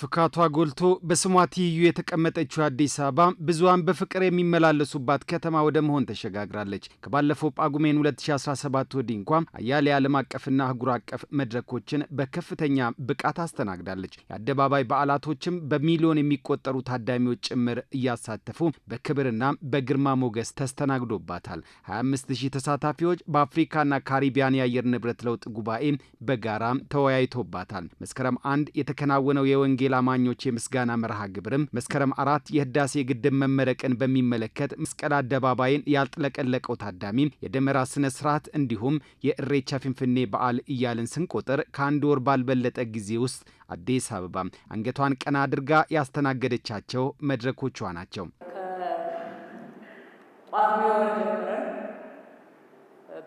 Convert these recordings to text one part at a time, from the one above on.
ፍካቷ ጎልቶ በስሟ ትይዩ የተቀመጠችው አዲስ አበባ ብዙሀን በፍቅር የሚመላለሱባት ከተማ ወደ መሆን ተሸጋግራለች። ከባለፈው ጳጉሜን 2017 ወዲህ እንኳ አያሌ ዓለም አቀፍና አህጉር አቀፍ መድረኮችን በከፍተኛ ብቃት አስተናግዳለች። የአደባባይ በዓላቶችም በሚሊዮን የሚቆጠሩ ታዳሚዎች ጭምር እያሳተፉ በክብርና በግርማ ሞገስ ተስተናግዶባታል። 25 ተሳታፊዎች በአፍሪካና ካሪቢያን የአየር ንብረት ለውጥ ጉባኤ በጋራ ተወያይቶባታል። መስከረም አንድ የተከናወነው የወንጌ የወንጌል አማኞች የምስጋና መርሃ ግብርም መስከረም አራት የህዳሴ ግድብ መመረቅን በሚመለከት መስቀል አደባባይን ያልጥለቀለቀው ታዳሚ የደመራ ስነ ስርዓት እንዲሁም የእሬቻ ፍንፍኔ በዓል እያልን ስንቆጥር ከአንድ ወር ባልበለጠ ጊዜ ውስጥ አዲስ አበባ አንገቷን ቀና አድርጋ ያስተናገደቻቸው መድረኮቿ ናቸው።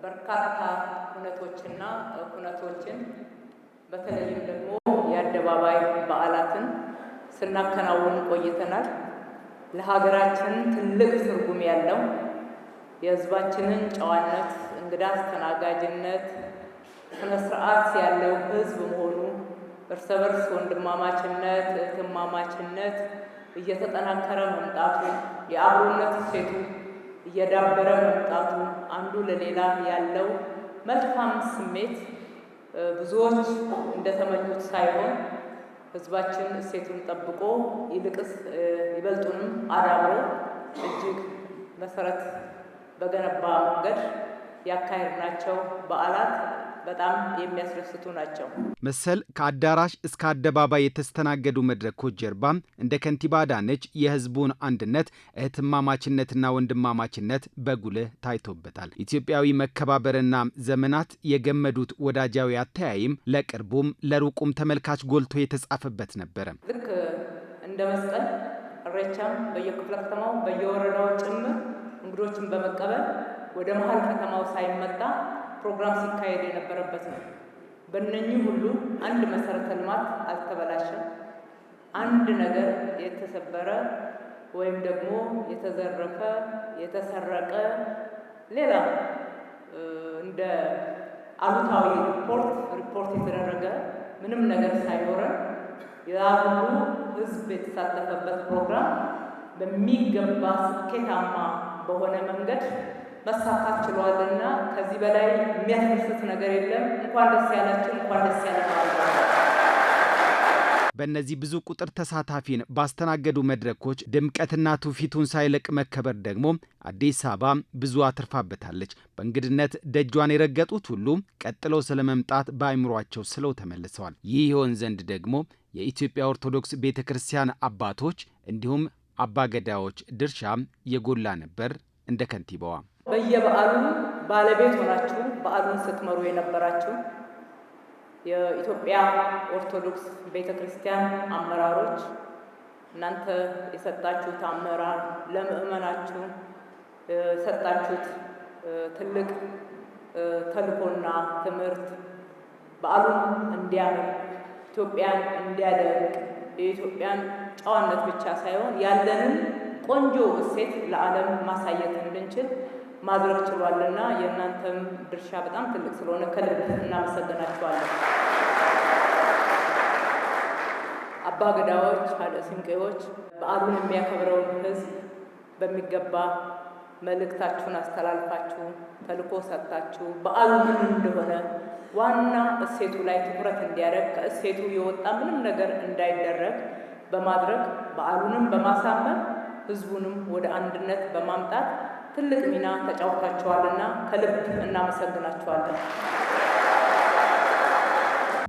በርካታ ሁነቶችና ሁነቶችን በተለይም ደግሞ አደባባይ በዓላትን ስናከናውን ቆይተናል። ለሀገራችን ትልቅ ትርጉም ያለው የሕዝባችንን ጨዋነት፣ እንግዳ አስተናጋጅነት፣ ስነ ስርዓት ያለው ሕዝብ መሆኑ እርስ በርስ ወንድማማችነት፣ እህትማማችነት እየተጠናከረ መምጣቱ የአብሮነት እሴቱ እየዳበረ መምጣቱ አንዱ ለሌላ ያለው መልካም ስሜት ብዙዎች እንደተመኙት ሳይሆን ህዝባችን እሴቱን ጠብቆ ይልቅስ ይበልጡንም አዳብሮ እጅግ መሰረት በገነባ መንገድ ያካሄድናቸው በዓላት በጣም የሚያስደስቱ ናቸው። መሰል ከአዳራሽ እስከ አደባባይ የተስተናገዱ መድረኮች ጀርባ እንደ ከንቲባ አዳነች የህዝቡን አንድነት እህትማማችነትና ወንድማማችነት በጉልህ ታይቶበታል። ኢትዮጵያዊ መከባበርና ዘመናት የገመዱት ወዳጃዊ አተያይም ለቅርቡም ለሩቁም ተመልካች ጎልቶ የተጻፈበት ነበረ። ልክ እንደ መስቀል እሬቻም በየክፍለ ከተማው በየወረዳው ጭምር እንግዶችን በመቀበል ወደ መሀል ከተማው ሳይመጣ ፕሮግራም ሲካሄድ የነበረበት ነው። በእነኚህ ሁሉ አንድ መሰረተ ልማት አልተበላሸም፣ አንድ ነገር የተሰበረ ወይም ደግሞ የተዘረፈ የተሰረቀ ሌላ እንደ አሉታዊ ሪፖርት ሪፖርት የተደረገ ምንም ነገር ሳይኖረን ያ ሁሉ ህዝብ የተሳተፈበት ፕሮግራም በሚገባ ስኬታማ በሆነ መንገድ መሳካት ችሏል እና ከዚህ በላይ የሚያስደስት ነገር የለም። እንኳን ደስ ያላችሁ፣ እንኳን ደስ ያለ በእነዚህ ብዙ ቁጥር ተሳታፊን ባስተናገዱ መድረኮች ድምቀትና ትውፊቱን ሳይለቅ መከበር ደግሞ አዲስ አበባ ብዙ አትርፋበታለች። በእንግድነት ደጇን የረገጡት ሁሉ ቀጥለው ስለ መምጣት ስለው ተመልሰዋል። ይህ ይሆን ዘንድ ደግሞ የኢትዮጵያ ኦርቶዶክስ ቤተ ክርስቲያን አባቶች እንዲሁም አባገዳዎች ድርሻ የጎላ ነበር እንደ ከንቲባዋ በየበዓሉ ባለቤት ሆናችሁ በዓሉን ስትመሩ የነበራችሁ የኢትዮጵያ ኦርቶዶክስ ቤተ ክርስቲያን አመራሮች እናንተ የሰጣችሁት አመራር ለምእመናችሁ የሰጣችሁት ትልቅ ተልኮና ትምህርት በዓሉን እንዲያምር ኢትዮጵያን እንዲያደርግ የኢትዮጵያን ጨዋነት ብቻ ሳይሆን ያለንን ቆንጆ እሴት ለዓለም ማሳየት እንድንችል ማድረግ ችሏልና የእናንተም ድርሻ በጣም ትልቅ ስለሆነ ከልብ እናመሰግናችኋለን። አባ ገዳዎች፣ ሀደ ስንቄዎች፣ በዓሉን የሚያከብረውን ህዝብ በሚገባ መልእክታችሁን አስተላልፋችሁ ተልኮ ሰጥታችሁ በዓሉ ምን እንደሆነ ዋና እሴቱ ላይ ትኩረት እንዲያደርግ ከእሴቱ የወጣ ምንም ነገር እንዳይደረግ በማድረግ በዓሉንም በማሳመን ህዝቡንም ወደ አንድነት በማምጣት ትልቅ ሚና ተጫውታችኋልና ከልብ እናመሰግናችኋለን።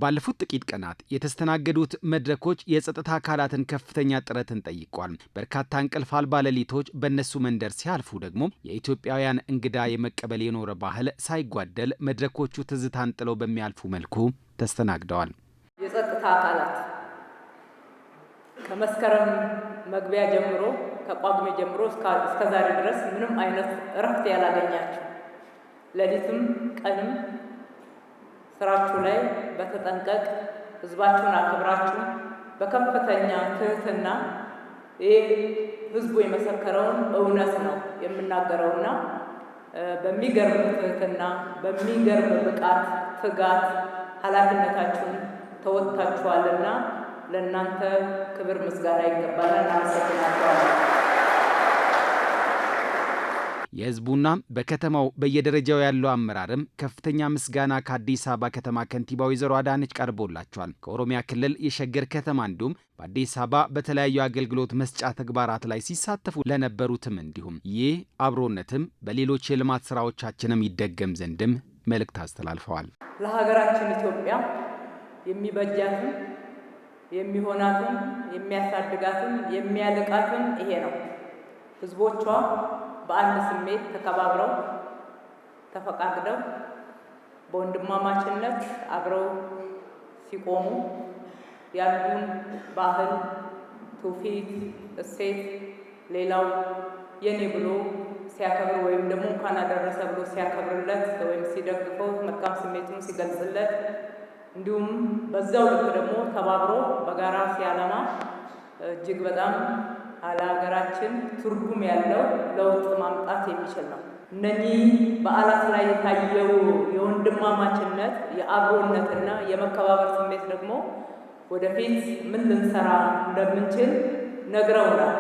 ባለፉት ጥቂት ቀናት የተስተናገዱት መድረኮች የጸጥታ አካላትን ከፍተኛ ጥረትን ጠይቋል። በርካታ እንቅልፍ አልባ ሌሊቶች በእነሱ መንደር ሲያልፉ ደግሞ የኢትዮጵያውያን እንግዳ የመቀበል የኖረ ባህል ሳይጓደል መድረኮቹ ትዝታን ጥለው በሚያልፉ መልኩ ተስተናግደዋል። የጸጥታ አካላት ከመስከረም መግቢያ ጀምሮ ከጳጉሜ ጀምሮ እስከ ዛሬ ድረስ ምንም አይነት እረፍት ያላገኛችሁ፣ ሌሊትም ቀንም ስራችሁ ላይ በተጠንቀቅ ህዝባችሁን አክብራችሁ በከፍተኛ ትህትና ይህ ህዝቡ የመሰከረውን እውነት ነው የምናገረውና በሚገርም ትህትና በሚገርም ብቃት፣ ትጋት ኃላፊነታችሁን ተወጥታችኋልና ለእናንተ ክብር ምስጋና ይገባናል። አመሰግናቸዋለን። የህዝቡና በከተማው በየደረጃው ያለው አመራርም ከፍተኛ ምስጋና ከአዲስ አበባ ከተማ ከንቲባ ወይዘሮ አዳነች ቀርቦላቸዋል። ከኦሮሚያ ክልል የሸገር ከተማ እንዲሁም በአዲስ አበባ በተለያዩ አገልግሎት መስጫ ተግባራት ላይ ሲሳተፉ ለነበሩትም እንዲሁም ይህ አብሮነትም በሌሎች የልማት ስራዎቻችንም ይደገም ዘንድም መልእክት አስተላልፈዋል። ለሀገራችን ኢትዮጵያ የሚበጃትን የሚሆናትም የሚያሳድጋትም የሚያልቃትም ይሄ ነው። ህዝቦቿ በአንድ ስሜት ተከባብረው ተፈቃቅደው በወንድማማችነት አብረው ሲቆሙ ያሉን ባህል፣ ትውፊት፣ እሴት ሌላው የኔ ብሎ ሲያከብር ወይም ደግሞ እንኳን አደረሰ ብሎ ሲያከብርለት ወይም ሲደግፈው መልካም ስሜቱን ሲገልጽለት እንዲሁም በዛው ልክ ደግሞ ተባብሮ በጋራ ሲያለማ እጅግ በጣም ለሀገራችን ትርጉም ያለው ለውጥ ማምጣት የሚችል ነው። እነኚህ በዓላት ላይ የታየው የወንድማማችነት የአብሮነትና የመከባበር ስሜት ደግሞ ወደፊት ምን ልንሰራ እንደምንችል ነግረውናል።